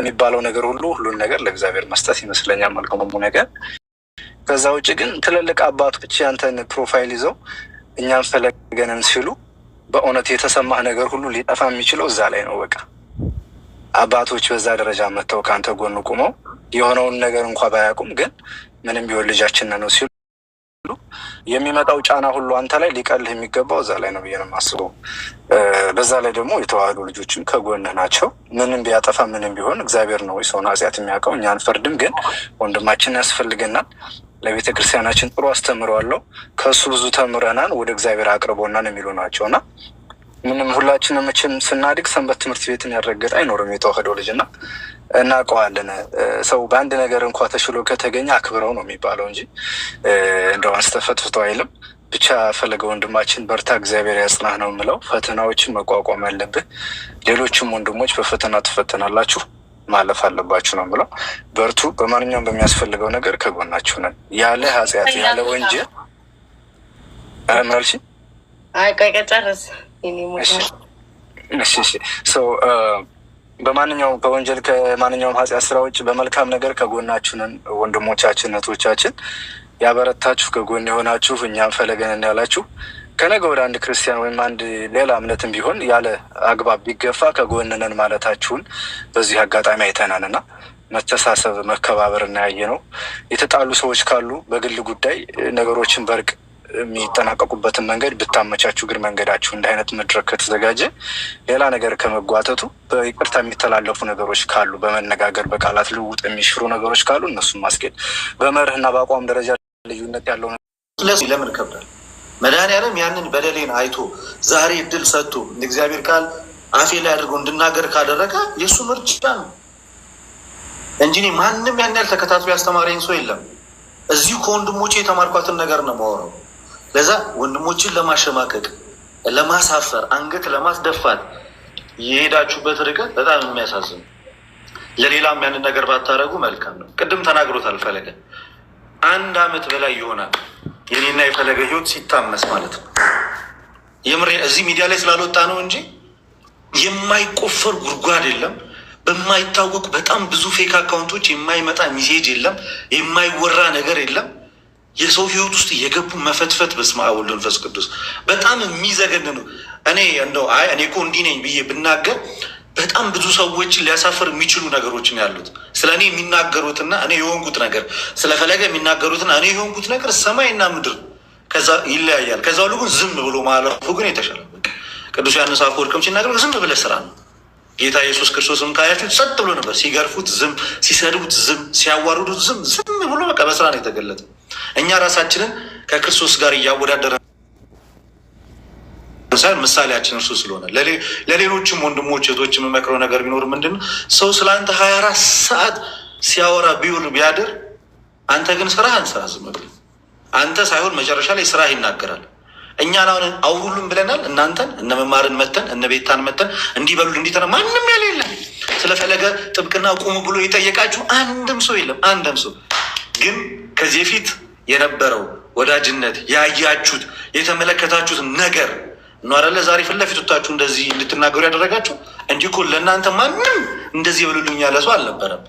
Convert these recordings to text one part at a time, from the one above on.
የሚባለው ነገር ሁሉ ሁሉን ነገር ለእግዚአብሔር መስጠት ይመስለኛል መልካሙ ነገር። ከዛ ውጭ ግን ትልልቅ አባቶች ያንተን ፕሮፋይል ይዘው እኛም ፈለገንን ሲሉ በእውነት የተሰማህ ነገር ሁሉ ሊጠፋ የሚችለው እዛ ላይ ነው። በቃ አባቶች በዛ ደረጃ መጥተው ከአንተ ጎን ቁመው የሆነውን ነገር እንኳ ባያውቁም ግን ምንም ቢሆን ልጃችን ነው ሲሉ የሚመጣው ጫና ሁሉ አንተ ላይ ሊቀልህ የሚገባው እዛ ላይ ነው ብዬ ነው የማስበው። በዛ ላይ ደግሞ የተዋህዶ ልጆችን ከጎንህ ናቸው። ምንም ቢያጠፋ ምንም ቢሆን እግዚአብሔር ነው ሰውን ኃጢአት የሚያውቀው፣ እኛን ፍርድም ግን ወንድማችን ያስፈልገናል። ለቤተ ክርስቲያናችን ጥሩ አስተምረዋለሁ ከእሱ ብዙ ተምረናን ወደ እግዚአብሔር አቅርቦናን የሚሉ ናቸው እና ምንም ሁላችንም መቼም ስናድግ ሰንበት ትምህርት ቤትን ያረገጠ አይኖርም። የተዋህዶ ልጅ እና እናውቀዋለን። ሰው በአንድ ነገር እንኳ ተሽሎ ከተገኘ አክብረው ነው የሚባለው እንጂ እንደው አንስተፈትፍቶ አይልም። ብቻ ፈለገ ወንድማችን በርታ፣ እግዚአብሔር ያጽናህ ነው የምለው። ፈተናዎችን መቋቋም ያለብህ፣ ሌሎችም ወንድሞች በፈተና ትፈተናላችሁ ማለፍ አለባችሁ ነው የምለው። በርቱ፣ በማንኛውም በሚያስፈልገው ነገር ከጎናችሁ ነን። ያለ ኃጢአት ያለ ወንጀል ምናልሽ አይ ቆይ ቀጨርስ Uh, በማንኛውም ከወንጀል ከማንኛውም ኃጢአት ስራ ውጭ በመልካም ነገር ከጎናችሁንን ወንድሞቻችን እህቶቻችን ያበረታችሁ ከጎን የሆናችሁ እኛም ፈለገን ያላችሁ ከነገ ወደ አንድ ክርስቲያን ወይም አንድ ሌላ እምነትም ቢሆን ያለ አግባብ ቢገፋ ከጎንነን ማለታችሁን በዚህ አጋጣሚ አይተናል እና መተሳሰብ መከባበር እናያየ ነው። የተጣሉ ሰዎች ካሉ በግል ጉዳይ ነገሮችን በርቅ የሚጠናቀቁበትን መንገድ ብታመቻችሁ ግን መንገዳችሁ እንደ አይነት መድረክ ከተዘጋጀ ሌላ ነገር ከመጓተቱ በይቅርታ የሚተላለፉ ነገሮች ካሉ በመነጋገር በቃላት ልውውጥ የሚሽሩ ነገሮች ካሉ እነሱን ማስጌድ በመርህና በአቋም ደረጃ ልዩነት ያለው ለምን ይከብዳል? መድኃኒዓለም ያንን በደሌን አይቶ ዛሬ እድል ሰጥቶ እግዚአብሔር ቃል አፌ ላይ አድርጎ እንድናገር ካደረገ የእሱ ምርጫ ነው እንጂ ማንም ያን ያህል ተከታትሎ ያስተማረኝ ሰው የለም። እዚሁ ከወንድሞቼ የተማርኳትን ነገር ነው የማወራው። ለዛ ወንድሞችን ለማሸማቀቅ፣ ለማሳፈር፣ አንገት ለማስደፋት የሄዳችሁበት ርቀት በጣም የሚያሳዝን ለሌላም ያንን ነገር ባታደረጉ መልካም ነው። ቅድም ተናግሮታል ፈለገ አንድ አመት በላይ ይሆናል የኔና የፈለገ ህይወት ሲታመስ ማለት ነው። እዚህ ሚዲያ ላይ ስላልወጣ ነው እንጂ የማይቆፈር ጉድጓድ የለም። በማይታወቅ በጣም ብዙ ፌክ አካውንቶች የማይመጣ ሚሴጅ የለም። የማይወራ ነገር የለም። የሰው ህይወት ውስጥ የገቡ መፈትፈት በስመ አብ ወወልድ ወመንፈስ ቅዱስ በጣም የሚዘገን ነው። እኔ እንደው አይ እኔ እኮ እንዲህ ነኝ ብዬ ብናገር በጣም ብዙ ሰዎችን ሊያሳፍር የሚችሉ ነው ያሉት ስለ እኔ የሚናገሩትና እኔ የሆንኩት ነገር ስለ ፈለገ የሚናገሩትና እኔ የሆንኩት ነገር ሰማይና ምድር ከዛ ይለያያል። ከዛ ሁሉ ግን ዝም ብሎ ማለፉ ግን የተሻለ ቅዱስ ዮሐንስ አፈወርቅም ሲናገር ዝም ብለ ስራ ነው። ጌታ ኢየሱስ ክርስቶስም ካያችሁት ጸጥ ብሎ ነበር። ሲገርፉት ዝም፣ ሲሰድቡት ዝም፣ ሲያዋርዱት ዝም። ዝም ብሎ በቃ በስራ ነው የተገለጠ እኛ ራሳችንን ከክርስቶስ ጋር እያወዳደረ ሳይሆን ምሳሌያችን እርሱ ስለሆነ ለሌሎችም ወንድሞች እህቶች የምመክረው ነገር ቢኖር ምንድን ነው፣ ሰው ስለ አንተ ሀያ አራት ሰዓት ሲያወራ ቢውል ቢያድር፣ አንተ ግን ስራህን አንሰራ ዝም ብለህ አንተ ሳይሆን መጨረሻ ላይ ስራህ ይናገራል። እኛን አሁን አውሩልን ብለናል። እናንተን እነ መማርን መተን እነ ቤታን መተን እንዲበሉል እንዲተነ ማንም ያለ የለም። ስለፈለገ ጥብቅና ቁሙ ብሎ የጠየቃችሁ አንድም ሰው የለም። አንድም ሰው ግን ከዚህ ፊት የነበረው ወዳጅነት ያያችሁት የተመለከታችሁት ነገር ነው አይደለ? ዛሬ ፊት ለፊት ወጣችሁ እንደዚህ እንድትናገሩ ያደረጋችሁ። እንዲህ እኮ ለእናንተ ማንም እንደዚህ ብሉልኝ ያለ ሰው አልነበረም።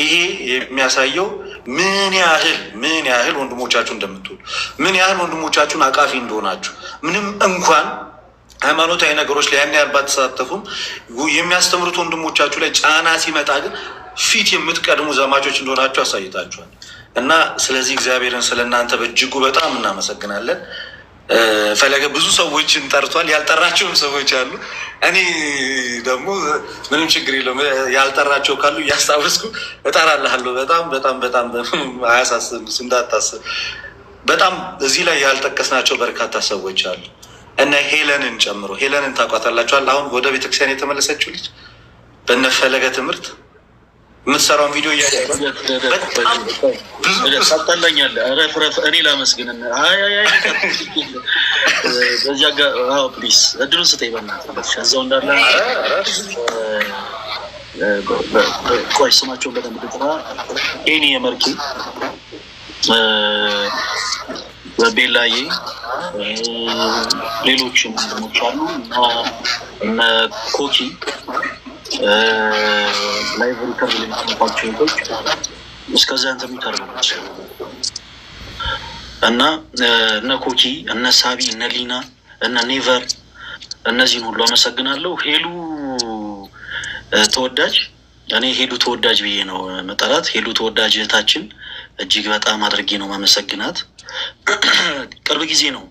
ይሄ የሚያሳየው ምን ያህል ምን ያህል ወንድሞቻችሁ እንደምትሆኑ ምን ያህል ወንድሞቻችሁን አቃፊ እንደሆናችሁ ምንም እንኳን ሃይማኖታዊ ነገሮች ላይ ያን ያህል ባትሳተፉም የሚያስተምሩት ወንድሞቻችሁ ላይ ጫና ሲመጣ ግን ፊት የምትቀድሙ ዘማቾች እንደሆናችሁ አሳይታችኋል። እና ስለዚህ እግዚአብሔርን ስለ እናንተ በእጅጉ በጣም እናመሰግናለን። ፈለገ ብዙ ሰዎችን ጠርቷል። ያልጠራቸውም ሰዎች አሉ። እኔ ደግሞ ምንም ችግር የለውም። ያልጠራቸው ካሉ እያስታወስኩ እጠራልሃለሁ። በጣም በጣም በጣም አያሳስብ እንዳታስብ። በጣም እዚህ ላይ ያልጠቀስናቸው በርካታ ሰዎች አሉ እና ሄለንን ጨምሮ ሄለንን ታውቋታላችኋል። አሁን ወደ ቤተክርስቲያን የተመለሰችው ልጅ በነፈለገ ትምህርት የምትሰራውን ቪዲዮ ታጣላኛለ። ረፍረፍ እኔ ላመስግን። በዚያ ጋ ፕሊስ እድሉን ስጠኝ በእናትህ እዛው እንዳለ ቆይ ስማቸውን በደንብ ጥራ። ኤኒ የመርኪ ቤላዬ፣ ሌሎችም ድሞች አሉ እነ ኮኪ ላይቭ ሪከርድ የሚቀምባቸው ሄዶች እስከዛ እንትን የሚቀርብ እና እነ ኮኪ እነ ሳቢ እነ ሊና እነ ኔቨር እነዚህን ሁሉ አመሰግናለሁ። ሄሉ ተወዳጅ እኔ ሄሉ ተወዳጅ ብዬ ነው መጠራት። ሄሉ ተወዳጅ እህታችን እጅግ በጣም አድርጌ ነው ማመሰግናት። ቅርብ ጊዜ ነው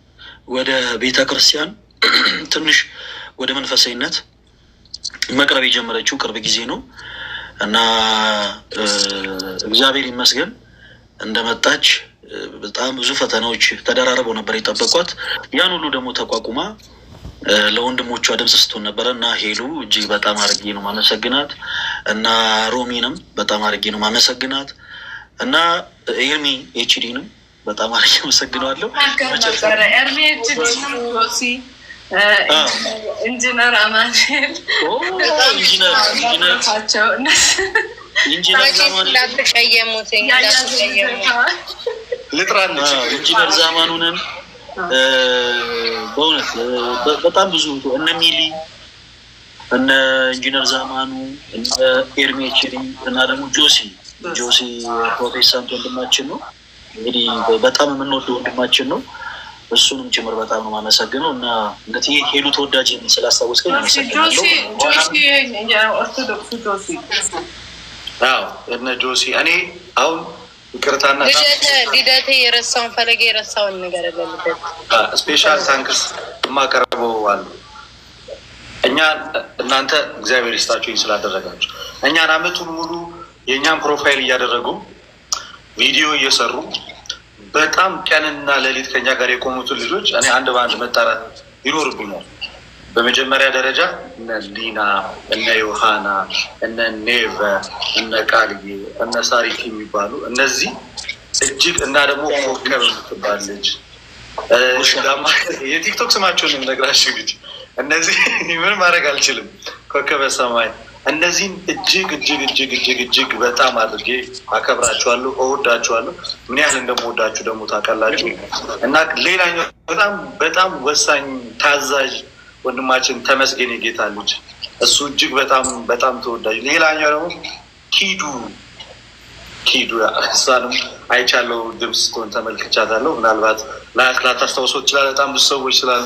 ወደ ቤተ ክርስቲያን ትንሽ ወደ መንፈሳዊነት መቅረብ የጀመረችው ቅርብ ጊዜ ነው እና እግዚአብሔር ይመስገን እንደመጣች በጣም ብዙ ፈተናዎች ተደራርበው ነበር የጠበቋት። ያን ሁሉ ደግሞ ተቋቁማ ለወንድሞቿ ድምፅ ስትሆን ነበረ እና ሄሉ እጅግ በጣም አድርጌ ነው ማመሰግናት እና ሮሚንም በጣም አድርጌ ነው ማመሰግናት እና ኤርሚ ኤችዲንም በጣም አድርጌ አመሰግነዋለሁ። ኢንጂነር አማኑኤል ቸው ልጥራን ኢንጂነር ዛማኑንም በእውነት በጣም ብዙ እነ ሚሊ እነ ኢንጂነር ዛማኑ እነ ኤርሜችሪ እና ደግሞ ጆሲ ጆሲ ፕሮቴስታንት ወንድማችን ነው። እንግዲህ በጣም የምንወድ ወንድማችን ነው። እሱንም ጭምር በጣም ነው የማመሰግነው እና እንግዲህ ሄሉ ተወዳጅ ስላስታወስከኝ እነ ጆሲ እኔ አሁን ይቅርታና ልደቴ የረሳውን ፈለገ የረሳውን ነገር ስፔሻል ታንክስ የማቀርበው አሉ እኛ እናንተ እግዚአብሔር ይስጣችሁኝ ስላደረጋችሁ እኛን አመቱን ሙሉ የእኛን ፕሮፋይል እያደረጉ ቪዲዮ እየሰሩ በጣም ቀንና ሌሊት ከኛ ጋር የቆሙትን ልጆች እኔ አንድ በአንድ መጣራት ይኖርብኛል። በመጀመሪያ ደረጃ እነ ሊና፣ እነ ዮሃና፣ እነ ኔቨ፣ እነ ቃልዬ፣ እነ ሳሪክ የሚባሉ እነዚህ እጅግ እና ደግሞ ኮከብ የምትባል ልጅ የቲክቶክ ስማቸውን ነግራችሁ ልጅ እነዚህ ምን ማድረግ አልችልም። ኮከበ ሰማይ እነዚህን እጅግ እጅግ እጅግ እጅግ እጅግ በጣም አድርጌ አከብራችኋለሁ፣ እወዳችኋለሁ። ምን ያህል እንደምወዳችሁ ደግሞ ታውቃላችሁ። እና ሌላኛው በጣም በጣም ወሳኝ ታዛዥ ወንድማችን ተመስገን የጌታ ልጅ እሱ እጅግ በጣም በጣም ተወዳጅ። ሌላኛው ደግሞ ኪዱ ኪዱ እሷንም አይቻለው ድምፅ ስትሆን ተመልክቻታለሁ። ምናልባት ላታስታውሶ ይችላል። በጣም ብዙ ሰዎች ስላሉ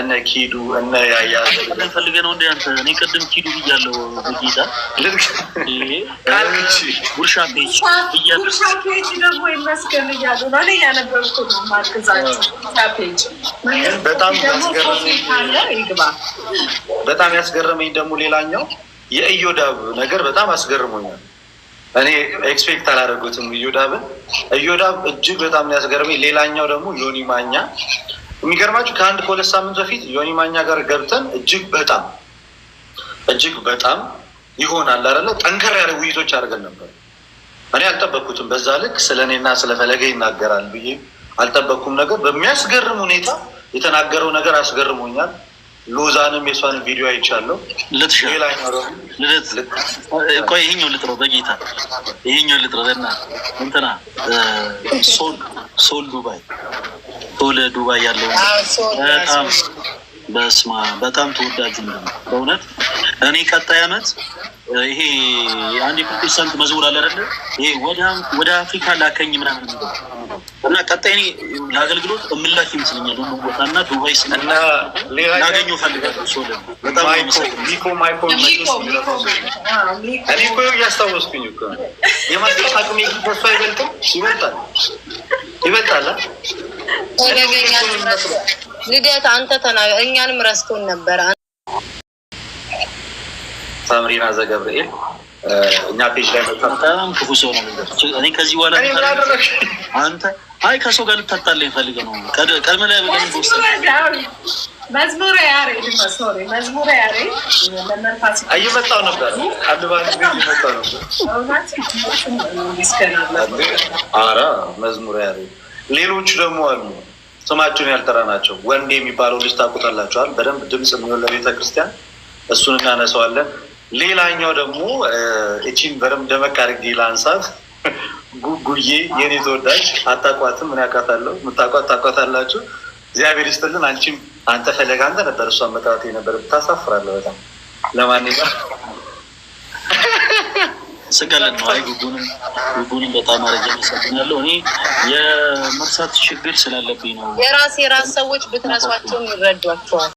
እነ ኪዱ እነ ያያ ፈልገ ነው እንደ አንተ እኔ ቅድም ኪዱ ብያለሁ። ጌታ ጉርሻ ፔጅ ጉርሻ ቤት ደግሞ ይመስገን እያሉ ነው። እኔ እያነበብኩ ነው። በጣም ያስገረመኝ ደግሞ ሌላኛው የእዮዳብ ነገር በጣም አስገርሞኛል። እኔ ኤክስፔክት አላደረጉትም እዮዳብን እዮዳብ እጅግ በጣም ያስገርመኝ። ሌላኛው ደግሞ ዮኒ ማኛ የሚገርማችሁ ከአንድ ከሁለት ሳምንት በፊት ዮኒ ማኛ ጋር ገብተን እጅግ በጣም እጅግ በጣም ይሆናል አለ ጠንከር ያለ ውይይቶች አድርገን ነበር። እኔ አልጠበኩትም በዛ ልክ ስለ እኔና ስለ ፈለገ ይናገራል ብዬ አልጠበኩም። ነገር በሚያስገርም ሁኔታ የተናገረው ነገር አስገርሞኛል። ሎዛንም የሷን ቪዲዮ አይቻለሁ። ቆይ ይሄኛው ልጥረው በጌታ ይህኛው ልጥረው ና እንትና ሶል ሶል ዱባይ ቶለ ዱባይ ያለው በጣም በስማ በጣም ተወዳጅ ነው በእውነት። እኔ ቀጣይ አመት ይሄ አንድ ፕሮቴስታንት መዝሙር አለ አይደለ? ይሄ ወደ አፍሪካ ላከኝ ምናምን እና ቀጣይ እኔ ለአገልግሎት እምላክ ይመስለኛል ቦታ እና ዱባይ ስናገኘ ፈልጋለሁ። ልደት አንተ ተናገር። እኛንም ረስቶን ነበረ። ተምሪና ዘገብርኤል እኛ ፔጅ ላይ በጣም ክፉ ሰው ነው። እኔ ከዚህ በኋላ አንተ አይ ከሰው ጋር ልታጣላ ይፈልገ ነው። ቀድመ ላይ ብለ መዝሙረ እየመጣው ነበር። ኧረ መዝሙረ ያሬ ሌሎች ደግሞ አሉ ስማቸውን ያልጠራ ናቸው። ወንድ የሚባለው ልጅ ታውቁታላችኋል። በደንብ ድምፅ የሚሆን ለቤተ ክርስቲያን እሱን እናነሰዋለን። ሌላኛው ደግሞ እቺን በደንብ ደመቅ አድርጌ ላንሳት፣ ጉጉዬ የኔ ተወዳጅ አታቋትም። ምን ያውቃታለሁ? ምታቋት ታቋታላችሁ። እግዚአብሔር ይስጥልን። አንቺም አንተ ፈለጋ አንተ ነበር እሷ መጣት ነበር። ታሳፍራለህ በጣም ለማንኛውም ስቀልን ነው። አይ ጉጉንም ጉጉንም በጣም አረጃ መሰግናለሁ። እኔ የመርሳት ችግር ስላለብኝ ነው። የራስ የራስ ሰዎች ብትረሷቸውም ይረዷቸዋል።